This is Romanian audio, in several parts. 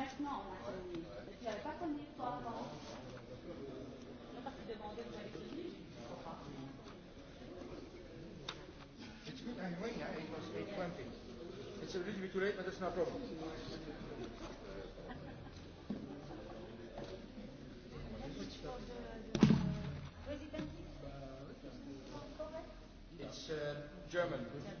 Maintenant, on a connu. Parce qu'il n'y avait pas connu toi avant. Moi, parce qu'il demandait que j'avais connu, j'ai dit pourquoi pas. It's good anyway, yeah, it was 8.20. It's a little bit too late, but that's no problem. It's uh, German. German.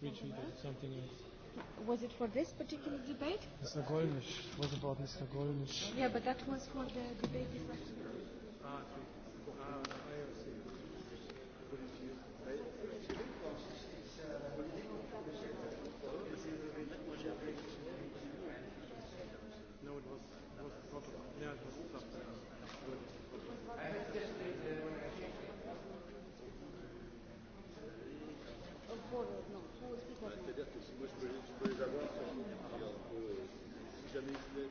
Which something else. Was it for this particular debate? Mr. Golnisch. It was about Mr. Golnisch. Yeah, but that was for the debate this afternoon. Ah, C'est-à-dire que si moi je peux, je peux les si jamais ils se mettent,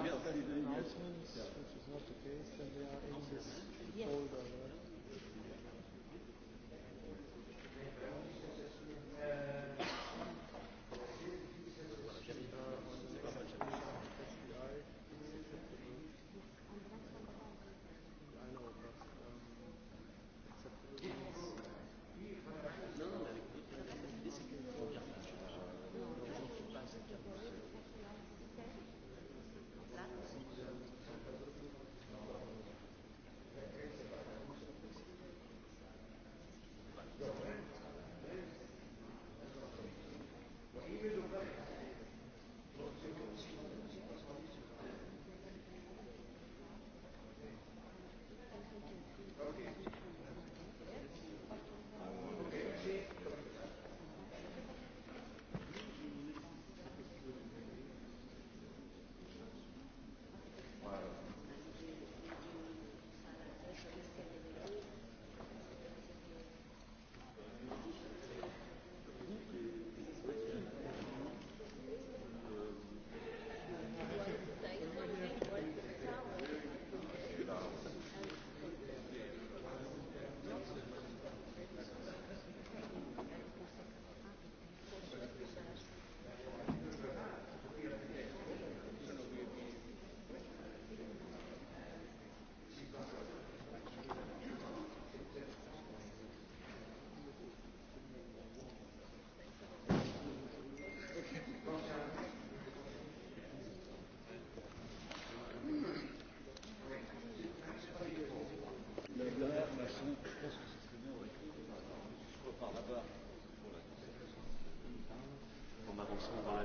dans la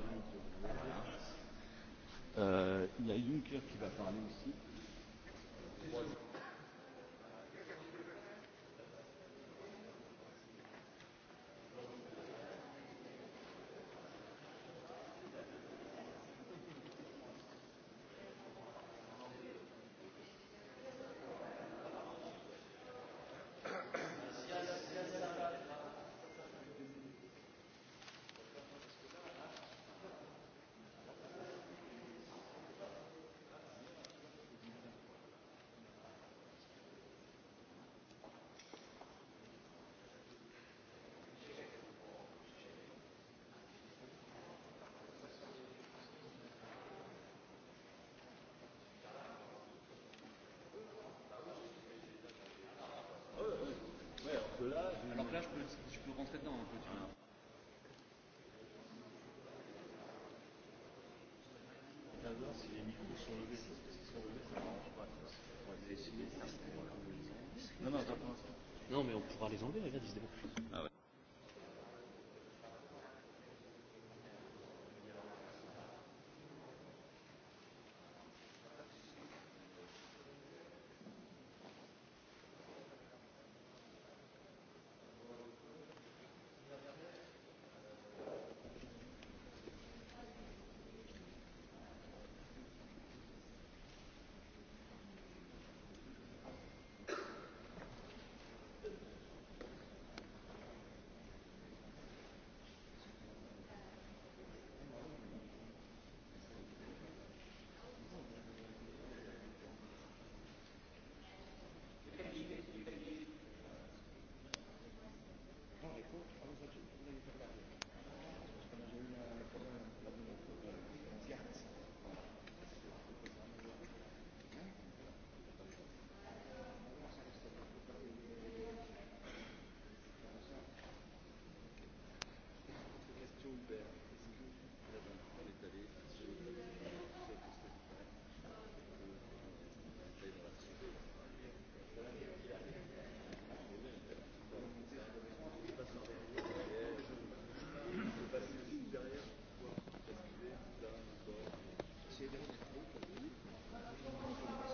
euh, Il y a Juncker qui va parler aussi. là, Je... Alors que là, je peux, je peux rentrer dedans un peu, tu vois. Non, non, mais on pourra les enlever, regarde, ils se débrouillent. Ah ouais.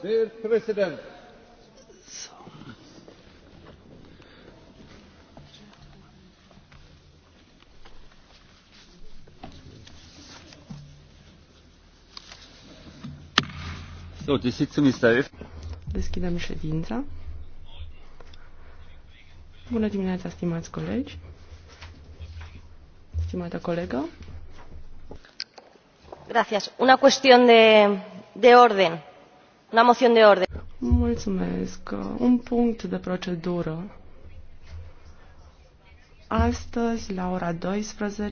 Herr Präsident! So, die Sitzung ist eröffnet. Deschidem ședința. Bună dimineața, stimați colegi. Stimată colegă. Gracias. Una cuestión de, de orden una moción de orden. Mulțumesc. Un punct de procedură. Astăzi, la ora 12,